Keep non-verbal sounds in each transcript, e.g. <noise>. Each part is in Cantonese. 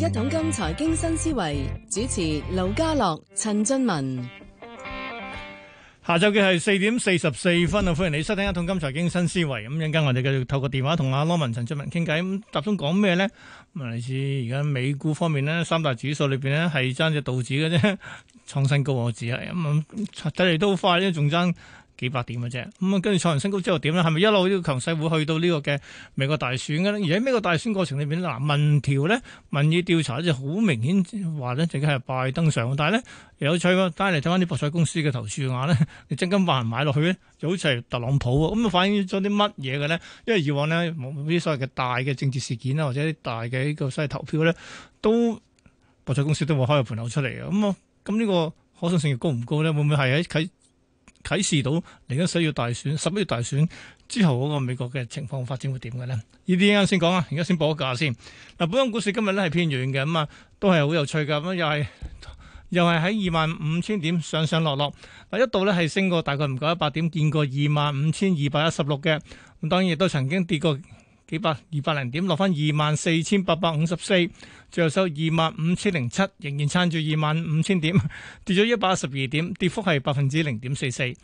一桶金財經新思維主持：盧家樂、陳俊文。下晝嘅係四點四十四分啊！歡迎你收聽一《一桶金財經新思維》，咁一陣間我哋繼續透過電話同阿羅文、陳俊文傾偈，咁集中講咩呢？咁啊，似而家美股方面呢，三大指數裏邊呢係爭只道指嘅啫，創新高我指啊，咁睇嚟都好快呢仲爭。幾百點嘅啫，咁啊跟住創人升高之後點咧？係咪一路呢個強勢會去到呢個嘅美國大選嘅咧？而喺美國大選過程裏面，嗱民調咧民意調查,意調查就好明顯話咧，淨係拜登上，但係咧有趣喎。但係嚟睇翻啲博彩公司嘅投注額咧， <laughs> 你真金幫人買落去咧，就好似係特朗普咁啊、嗯、反映咗啲乜嘢嘅咧？因為以往咧冇啲所謂嘅大嘅政治事件啦，或者啲大嘅呢個所謂投票咧，都博彩公司都會開個盤口出嚟嘅。咁、嗯、啊，咁、嗯、呢、嗯嗯、個可信性高唔高咧？會唔會係喺喺？睇示到嚟緊需要大選，十一月大選之後嗰個美國嘅情況發展會點嘅咧？呢啲啱先講啊，而家先報個價先。嗱，本港股市今日咧係偏軟嘅，咁啊都係好有趣噶，咁又係又係喺二萬五千點上上落落。嗱，一度咧係升過大概唔夠一百點，見過二萬五千二百一十六嘅。咁當然亦都曾經跌過。幾百二百零點落翻二萬四千八百五十四，最後收二萬五千零七，仍然撐住二萬五千點，跌咗一百一十二點，跌幅係百分之零點四四。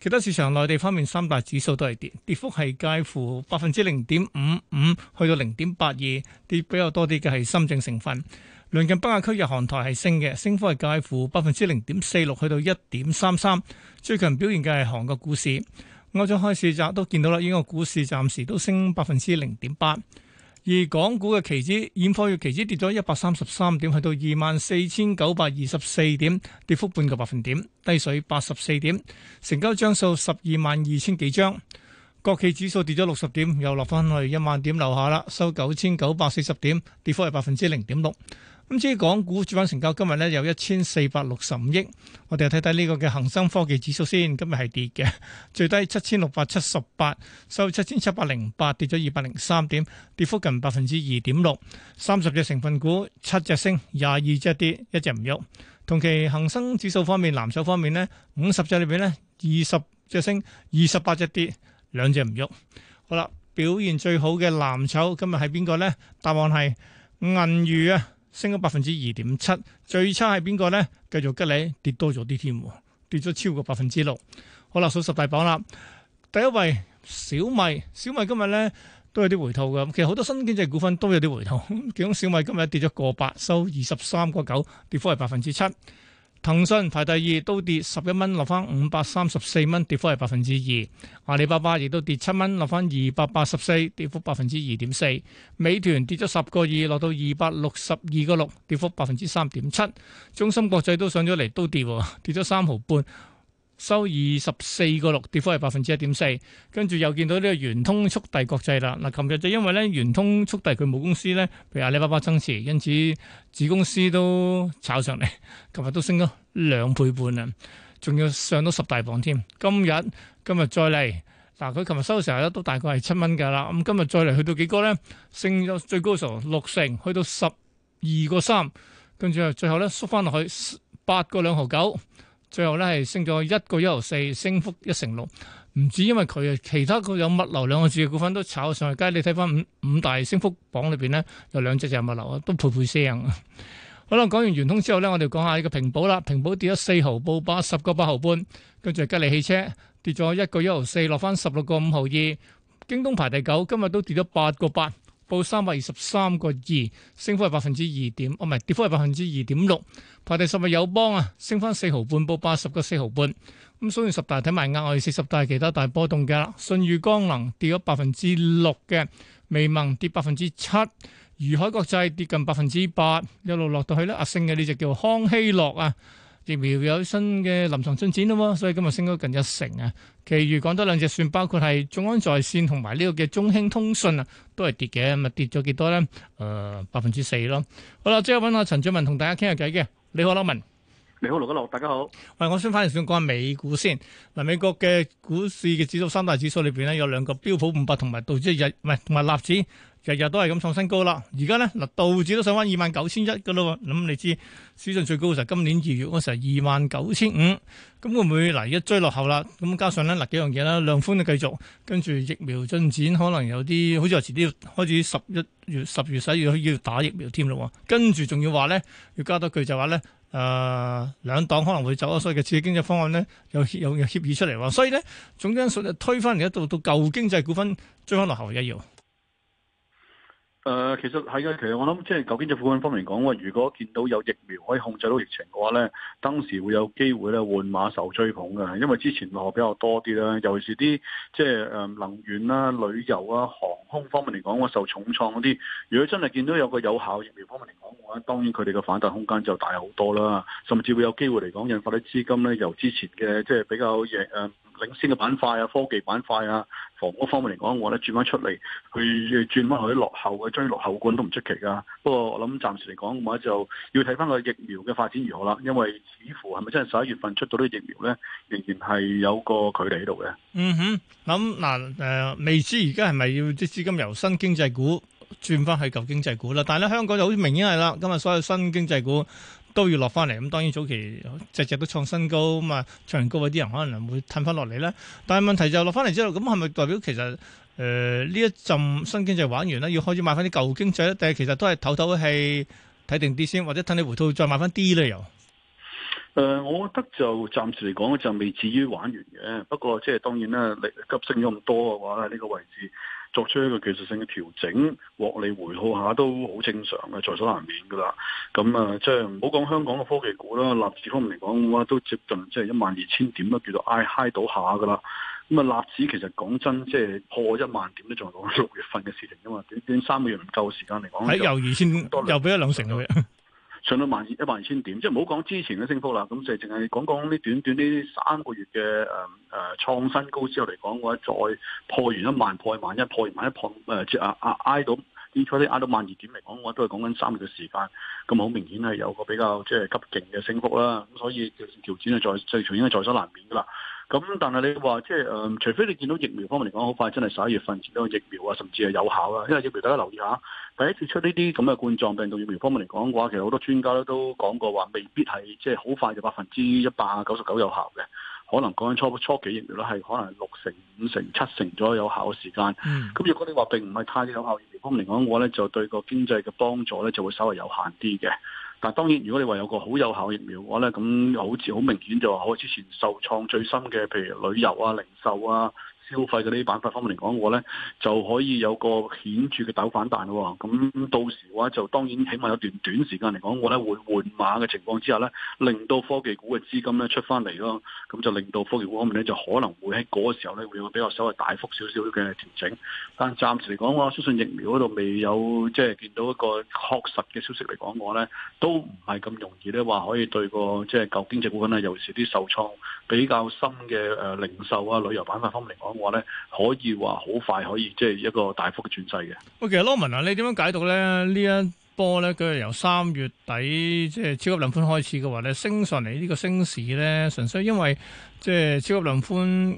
其他市場內地方面，三大指數都係跌，跌幅係介乎百分之零點五五去到零點八二，跌比較多啲嘅係深證成分。鄰近北亞區日韓台係升嘅，升幅係介乎百分之零點四六去到一點三三，最強表現嘅係韓國股市。我洲開市就都見到啦，依個股市暫時都升百分之零點八，而港股嘅期指，演科嘅期指跌咗一百三十三點，去到二萬四千九百二十四點，跌幅半個百分點，低水八十四點，成交張數十二萬二千幾張。國企指數跌咗六十點，又落翻去一萬點樓下啦，收九千九百四十點，跌幅係百分之零點六。咁至於港股主板成交今日咧有一千四百六十五億。我哋睇睇呢個嘅恒生科技指數先，今日係跌嘅，最低七千六百七十八，收七千七百零八，跌咗二百零三點，跌幅近百分之二點六。三十隻成分股，七隻升，廿二隻跌，一隻唔喐。同期恒生指數方面，藍籌方面呢，五十隻裏邊呢，二十隻升，二十八隻跌，兩隻唔喐。好啦，表現最好嘅藍籌今日係邊個呢？答案係銀娛啊。升咗百分之二點七，最差係邊個呢？繼續吉利跌多咗啲添，跌咗超過百分之六。好啦，數十大榜啦，第一位小米，小米今日呢都有啲回吐噶。其實好多新經濟股份都有啲回吐。其中小米今日跌咗個八收，二十三個九，跌幅係百分之七。騰訊排第二，都跌十一蚊，落翻五百三十四蚊，跌幅係百分之二。阿里巴巴亦都跌七蚊，落翻二百八十四，跌幅百分之二點四。美團跌咗十個二，落到二百六十二個六，跌幅百分之三點七。中芯國際都上咗嚟，都跌，跌咗三毫半。收二十四個六，跌幅係百分之一點四，跟住，又見到呢個圓通速遞國際啦。嗱，琴日就因為咧圓通速遞佢母公司咧，譬如阿里巴巴增持，因此子公司都炒上嚟。琴日都升咗兩倍半啦，仲要上到十大榜添。今日，今日再嚟。嗱，佢琴日收嘅時候咧都大概係七蚊噶啦。咁今日再嚟去到幾高咧？升咗最高成六成，去到十二個三，跟住，最後咧縮翻落去八個兩毫九。最後咧係升咗一個一毫四，升幅一成六。唔止因為佢啊，其他個有物流兩個字嘅股份都炒上去。街。你睇翻五五大升幅榜裏邊咧，有兩隻就係物流啊，都倍倍聲。 <laughs> 好啦，講完圓通之後咧，我哋講下呢個平保啦。平保跌咗四毫半，八十個八毫半。跟住吉利汽車跌咗一個一毫四，落翻十六個五毫二。京東排第九，今日都跌咗八個八。報三百二十三個二，升幅係百分之二點，哦唔係，跌幅係百分之二點六，排第十嘅友邦啊，升返四毫半，報八十個四毫半。咁所以十大睇埋額外四十大其他大波動嘅信譽光能跌咗百分之六嘅，微盟跌百分之七，魚海國際跌近百分之八，一路落到去咧，壓、啊、升嘅呢隻叫康希諾啊。疫苗有新嘅臨床進展啦喎，所以今日升咗近一成啊。其餘講多兩隻船，包括係眾安在線同埋呢個嘅中興通訊啊，都係跌嘅，咁啊跌咗幾多咧？誒，百分之四咯。好啦，即刻揾阿陳俊文同大家傾下偈嘅，你好，羅文。你好，羅大家好。喂，我先返嚟想講下美股先。嗱、啊，美國嘅股市嘅指數三大指數裏邊咧，有兩個標普五百同埋道指日，唔係同埋納指日日都係咁創新高啦。而家咧，嗱，道指都上翻二萬九千一噶啦。咁你知史上最高嘅時候，今年二月嗰時二萬九千五。咁會唔會嗱一、啊、追落後啦？咁加上咧嗱幾樣嘢啦，量寬嘅繼續，跟住疫苗進展可能有啲，好似話遲啲開始十一月、十月、十一月要打疫苗添咯。跟住仲要話咧，要加多句就話咧。誒、呃、兩黨可能會走啊，所以嘅刺激經濟方案咧，有有有協議出嚟，所以咧，總之數就推翻嚟一到到舊經濟股份，追翻落後嘅一遊。誒、呃，其實係嘅，其實我諗，即係究竟政府方面嚟講話，如果見到有疫苗可以控制到疫情嘅話咧，當時會有機會咧換馬受追捧嘅，因為之前落比較多啲啦，尤其是啲即係誒、呃、能源啦、旅遊啊、航空方面嚟講，我受重創嗰啲，如果真係見到有個有效疫苗方面嚟講嘅話，當然佢哋嘅反彈空間就大好多啦，甚至會有機會嚟講，引發啲資金咧由之前嘅即係比較弱誒。呃領先嘅板塊啊，科技板塊啊，房屋方面嚟講，我咧轉翻出嚟去轉翻去啲落後嘅追落後股都唔出奇噶。不過我諗暫時嚟講嘅話，就要睇翻個疫苗嘅發展如何啦。因為似乎係咪真係十一月份出到啲疫苗咧，仍然係有個距離喺度嘅。嗯哼，咁嗱，誒、呃，未知而家係咪要啲資金由新經濟股轉翻去舊經濟股啦？但係咧，香港就好明顯係啦，今日所有新經濟股。都要落翻嚟，咁當然早期隻隻都創新高，咁啊創新高嗰啲人可能會褪翻落嚟啦。但係問題就落翻嚟之後，咁係咪代表其實誒呢、呃、一陣新經濟玩完咧，要開始買翻啲舊經濟咧？定係其實都係唞唞氣睇定啲先，或者褪你回吐再買翻啲咧又？誒、呃，我覺得就暫時嚟講咧，就未至於玩完嘅。不過即係當然啦，急升咗咁多嘅話咧，呢個位置作出一個技術性嘅調整，獲利回吐下都好正常嘅，在所難免噶啦。咁、嗯、啊，即係唔好講香港嘅科技股啦，納指方面嚟講嘅話，都接近即係一萬二千點啦，叫做 I high 到下噶啦。咁啊，納指其實講真，即係破一萬點都仲係講六月份嘅事情啊嘛。短短三個月唔夠時間嚟講，喺又二千，又俾一兩成到嘅。上到萬一萬二千點，即係唔好講之前嘅升幅啦，咁就淨係講講呢短短呢三個月嘅誒誒創新高之後嚟講嘅話，我再破完一萬，破完萬一，破完萬一破誒即係啊啊挨到啲初啲挨到萬二點嚟講嘅話，我都係講緊三個月時間，咁好明顯係有個比較即係急勁嘅升幅啦，咁所以調調整係在即係已經係在所難免噶啦。咁，但係你話即係誒、呃，除非你見到疫苗方面嚟講，好快真係十一月份始到個疫苗啊，甚至係有效啦、啊。因為疫苗大家留意下，第一次出呢啲咁嘅冠狀病毒疫苗方面嚟講嘅話，其實好多專家都講過話，未必係即係好快就百分之一百九十九有效嘅。可能講緊初初期疫苗咧，係可能六成、五成、七成左右有效嘅時間。咁、嗯、如果你話並唔係太有效疫苗方面嚟講嘅話咧，就對個經濟嘅幫助咧就會稍為有限啲嘅。但係當然，如果你話有個好有效疫苗嘅話咧，咁好似好明顯就話，我之前受創最深嘅，譬如旅遊啊、零售啊、消費嗰啲板塊方面嚟講，我咧就可以有個顯著嘅大反彈咯，哦。咁到時嘅話，就當然起碼有段短時間嚟講，我咧會換馬嘅情況之下咧，令到科技股嘅資金咧出翻嚟咯。咁就令到科技股方面咧，就可能會喺嗰個時候咧，會有比較稍微大幅少少嘅調整。但暫時嚟講，我相信疫苗嗰度未有即係、就是、見到一個確實嘅消息嚟講，我咧都唔係咁容易咧話可以對個即係、就是、舊經濟股份咧，尤其是啲受創比較深嘅誒零售啊、呃、旅遊板塊方面嚟講。話咧可以話好快可以即係一個大幅嘅轉勢嘅。喂，其實 Lawman 啊，你點樣解讀咧？呢一波咧，佢係由三月底即係、就是、超級量寬開始嘅話咧，升上嚟呢個升市咧，純粹因為即係、就是、超級量寬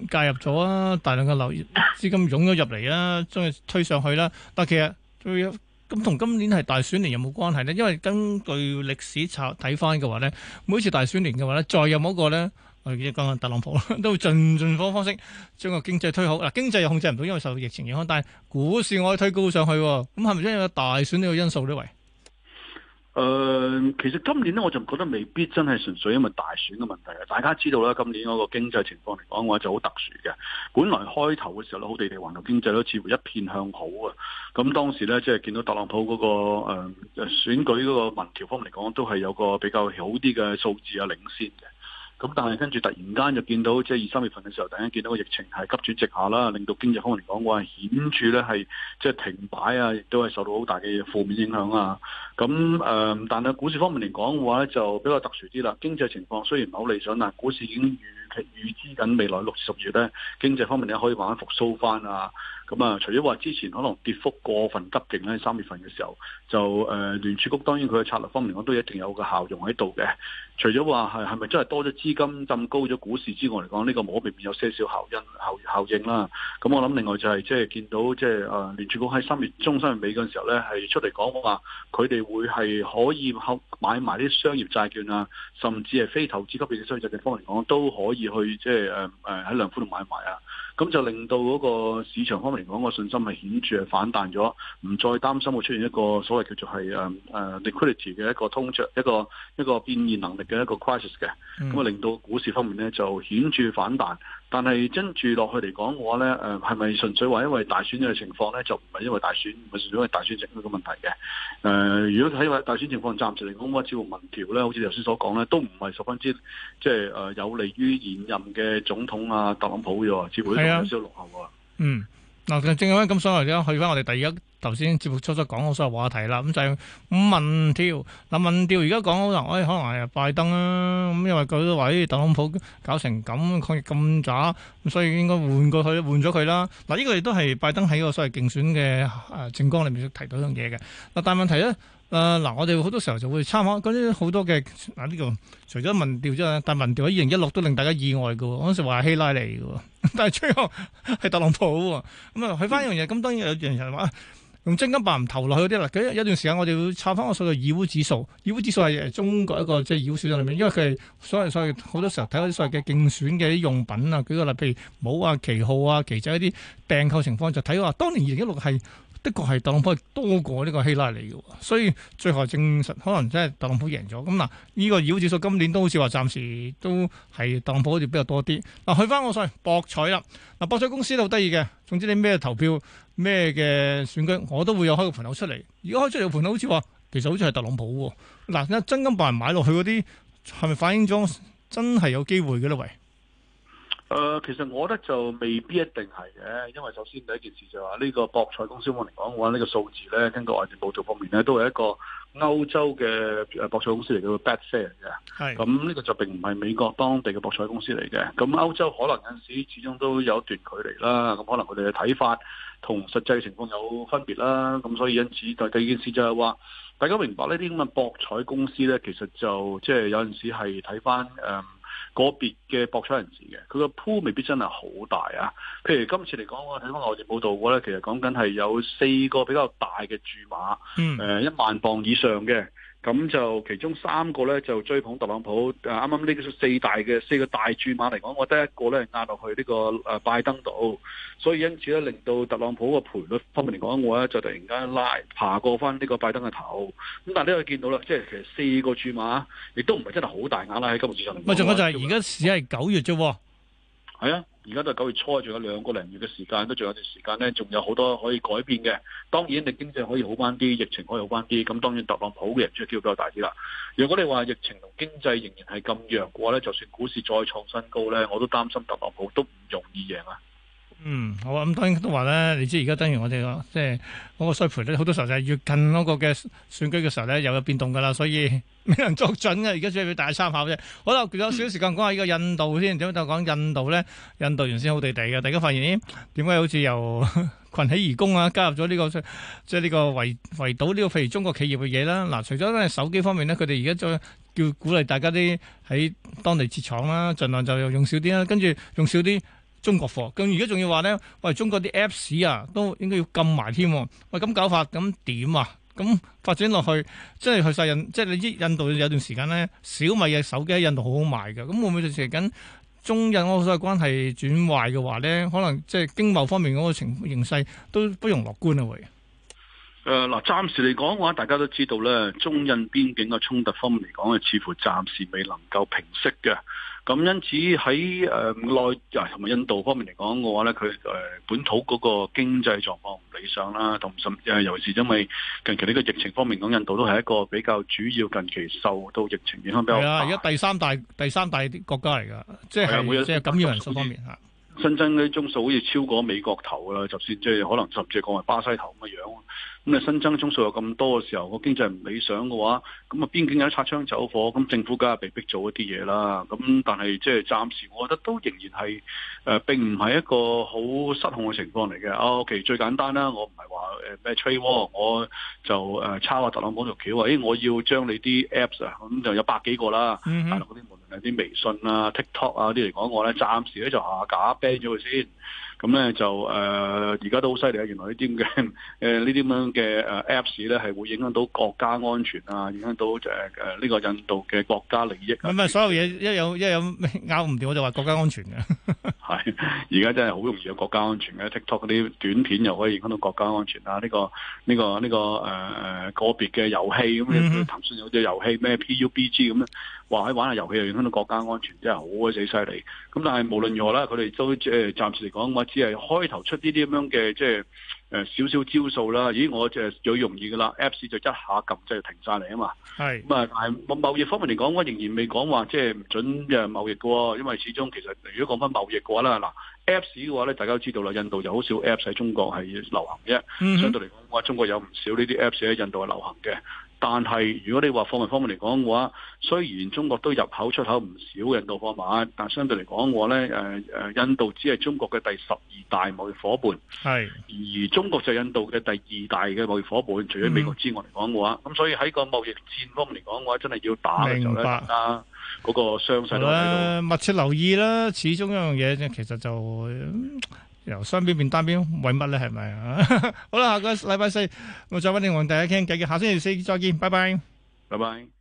介入咗啊，大量嘅流資金湧咗入嚟啦，將佢推上去啦。但係其實最咁同今年係大選年有冇關係咧？因為根據歷史查睇翻嘅話咧，每次大選年嘅話咧，再有冇一個咧？我哋講緊特朗普咯，都會盡盡方方式將個經濟推好。嗱，經濟又控制唔到，因為受疫情影響。但係股市我可以推高上去，咁係咪因為大選呢個因素呢？喂，誒，其實今年咧，我就覺得未必真係純粹因為大選嘅問題。大家知道啦，今年嗰個經濟情況嚟講，我就好特殊嘅。本來開頭嘅時候咧，好地地環球經濟都似乎一片向好啊。咁當時咧，即係見到特朗普嗰，那個誒、呃、選舉嗰個民調方面嚟講，都係有個比較好啲嘅數字啊，領先嘅。咁但係跟住突然間就見到即係二三月份嘅時候，突然間見到個疫情係急轉直下啦，令到經濟方面嚟講，話顯著咧係即係停擺啊，亦都係受到好大嘅負面影響啊。咁、嗯、誒，但係股市方面嚟講嘅話，就比較特殊啲啦。經濟情況雖然唔係好理想，但係股市已經預知緊未來六至十月咧，經濟方面你可以慢慢復甦翻啊！咁啊，除咗話之前可能跌幅過分急勁咧，三月份嘅時候就誒聯儲局當然佢嘅策略方面，講都一定有個效用喺度嘅。除咗話係係咪真係多咗資金，浸高咗股市之外嚟講，呢、這個冇避免有些少效因效效應啦。咁我諗另外就係、是、即係見到即係誒聯儲局喺三月中三月尾嗰陣時候咧，係出嚟講話佢哋會係可以買埋啲商業債券啊，甚至係非投資級別嘅商業債券方面嚟講都可以。去即係誒誒喺兩方度買賣啊！咁就令到嗰個市場方面嚟講，個信心係顯著係反彈咗，唔再擔心會出現一個所謂叫做係誒誒 liquidity 嘅一個通脹、一個一個變現能力嘅一個 crisis 嘅，咁啊令到股市方面咧就顯著反彈。但係跟住落去嚟講嘅話咧，誒係咪純粹話因為大選嘅情況咧，就唔係因為大選，唔係純粹因為大選呢一個問題嘅？誒、呃，如果睇大選情況暫時嚟講，我照民調咧，好似頭先所講咧，都唔係十分之即係誒、呃、有利於現任嘅總統啊特朗普嘅喎，只係啊，少落後噶。嗯，嗱，正因為咁所以咧，去翻我哋第二日頭先節目初初講嘅所有話題啦。咁就民調、民調。而家講好啦，誒，可能係拜登啦、啊。咁因為佢都話啲特朗普搞成咁抗疫咁渣，咁所以應該換過去，換咗佢啦。嗱，呢個亦都係拜登喺個所謂競選嘅誒政綱裏面提到一樣嘢嘅。嗱，但係問題咧。啊！嗱、呃，我哋好多時候就會參考嗰啲好多嘅嗱呢個，除咗民調之外，但民調喺二零一六都令大家意外嘅。嗰陣時話係希拉里嘅，但係最後係特朗普喎。咁啊，嗯、去翻一樣嘢，咁 <laughs> 當然人人人人人人人人有啲人就用真金白銀投落去啲啦。有段時間我哋會參翻個所謂義烏指數，義烏指數係中國一個即係義烏選裏面，因為佢係所謂所謂好多時候睇嗰啲所謂嘅競選嘅啲用品啊，舉個例，譬如帽啊、旗號啊、旗仔，旗仔一啲訂購情況就睇話，當年二零一六係。的確係特朗普多過呢個希拉里嘅，所以最後證實可能真係特朗普贏咗咁嗱。呢、嗯這個妖指數今年都好似話暫時都係特朗普好似比較多啲嗱。去返我上去博彩啦嗱，博彩公司都好得意嘅。總之你咩投票咩嘅選舉，我都會有開個盤口出嚟。如果開出嚟個盤口好似話其實好似係特朗普喎嗱，真金白銀買落去嗰啲係咪反映咗真係有機會嘅咧？喂！誒、呃，其實我覺得就未必一定係嘅，因為首先第一件事就係話呢個博彩公司我嚟講嘅話，呢、這個數字呢，根據外電報道方面呢，都係一個歐洲嘅博彩公司嚟嘅 Betfair 嘅。係是，咁呢、嗯這個就並唔係美國當地嘅博彩公司嚟嘅。咁、嗯、歐洲可能有陣時始終都有一段距離啦。咁、嗯、可能佢哋嘅睇法同實際情況有分別啦。咁、嗯、所以因此，第第二件事就係話，大家明白呢啲咁嘅博彩公司呢，其實就即係有陣時係睇翻誒。嗯個別嘅博彩人士嘅，佢個 pool 未必真係好大啊。譬如今次嚟講，我睇翻外置報道嘅咧，其實講緊係有四個比較大嘅注碼，誒、嗯呃、一萬磅以上嘅。咁就其中三個咧就追捧特朗普，啊啱啱呢四大嘅四個大注碼嚟講，我得一個咧壓落去呢、這個誒、啊、拜登度，所以因此咧令到特朗普嘅賠率方面嚟講，我咧就突然間拉爬過翻呢個拜登嘅頭，咁但係呢個見到咧，即係其實四個注碼亦都唔係真係好大壓啦喺今日市場。唔係，仲有就係、是、而家市係九月啫。係啊，而家都係九月初，仲有兩個零月嘅時間，都仲有段時間咧，仲有好多可以改變嘅。當然，你經濟可以好返啲，疫情可以好返啲，咁當然特朗普嘅贏出機會比較大啲啦。如果你話疫情同經濟仍然係咁弱嘅話咧，就算股市再創新高咧，我都擔心特朗普都唔容易贏啦。嗯，好啊，咁、嗯、當然都話咧，你知而家當然我哋、就是、個即係嗰個衰賠咧，好多時候就係越近嗰個嘅選舉嘅時候咧，又有變動噶啦，所以未能作準嘅，而家只係俾大家參考啫。好啦，仲有少時間講下呢個印度先，點解就講印度咧？印度原先好地地嘅，大家發現點解好似又群起而攻啊？加入咗呢、這個即係呢個圍圍堵呢、這個譬如中國企業嘅嘢啦？嗱、啊，除咗咧手機方面咧，佢哋而家再叫鼓勵大家啲喺當地設廠啦，盡量就用少啲啦、啊，跟住用少啲。中國貨咁而家仲要話咧，喂中國啲 Apps 啊，都應該要禁埋添。喂咁搞法，咁點啊？咁發展落去，即係去曬印，即係你知印度有段時間咧，小米嘅手機喺印度好好賣㗎。咁會唔會就係緊中印嗰個關係轉壞嘅話咧？可能即係經貿方面嗰個情形勢都不容樂觀啊！會。誒，嗱、呃，暫時嚟講嘅話，大家都知道咧，中印邊境嘅衝突方面嚟講，係似乎暫時未能夠平息嘅。咁因此喺誒內啊同埋印度方面嚟講嘅話咧，佢誒、呃、本土嗰個經濟狀況唔理想啦，同甚誒尤其是因為近期呢個疫情方面講，印度都係一個比較主要近期受到疫情影響比較大。係啊，而家第三大第三大國家嚟㗎，即係、啊、即係感染人數方面嚇。新增嘅啲宗數好似超過美國頭啦，就算即係可能甚至係講話巴西頭咁嘅樣，咁你新增宗數有咁多嘅時候，個經濟唔理想嘅話，咁啊邊境有擦槍走火，咁政府梗係被逼做一啲嘢啦。咁但係即係暫時，我覺得都仍然係誒、呃、並唔係一個好失控嘅情況嚟嘅。啊，O、okay, K，最簡單啦，我唔係話誒咩 Trade War 我就誒、呃、抄下特朗普條橋啊！誒、欸，我要將你啲 Apps 咁就有百幾個啦，大陸啲。Hmm. 啲微信啊、TikTok 啊啲嚟講，我咧暫時咧就下架 ban 咗佢先。咁、嗯、咧就誒，而、呃、家都好犀利啊！原來、呃、呢啲咁嘅誒呢啲咁樣嘅誒 Apps 咧，係會影響到國家安全啊，影響到誒誒呢個印度嘅國家利益啊。唔係，所有嘢一有一有拗唔掂，我就話國家安全嘅。 <laughs> 而家 <laughs> 真係好容易有國家安全嘅，TikTok 啲短片又可以影響到國家安全啊！呢、個呢、個呢、個誒誒、呃、個別嘅遊戲咁樣，騰訊、mm hmm。有隻遊戲咩 PUBG 咁樣，話喺玩下遊戲又影響到國家安全，真係好鬼死犀利！咁但係無論如何啦，佢哋都即係暫時嚟講，我只係開頭出呢啲咁樣嘅即係。就是誒少少招數啦，咦！我就最容易噶啦，Apps 就一下撳即係停晒嚟啊嘛。係咁啊，但係貿貿易方面嚟講，我仍然未講話即係唔準誒貿易嘅喎，因為始終其實如果講翻貿易嘅話咧，嗱 Apps 嘅話咧，大家都知道啦，印度有好少 Apps 喺中國係流行嘅，相對嚟講，我中國有唔少呢啲 Apps 喺印度係流行嘅。但係如果你話貨物方面嚟講嘅話，雖然中國都入口出口唔少印度貨物，但相對嚟講嘅話咧，誒誒，印度只係中國嘅第十二大貿易伙伴。係是而中國就印度嘅第二大嘅貿易伙伴，除咗美國之外嚟講嘅話，咁、嗯、所以喺個貿易戰方面嚟講嘅話，真係要打嘅時候咧，大家白個雙勢度密切留意啦。始終一樣嘢即其實就會。嗯由雙邊變單邊咯，為乜咧？係咪啊？ <laughs> 好啦，下個禮拜四我再揾你同大家傾偈，下星期四再見，拜拜，拜拜。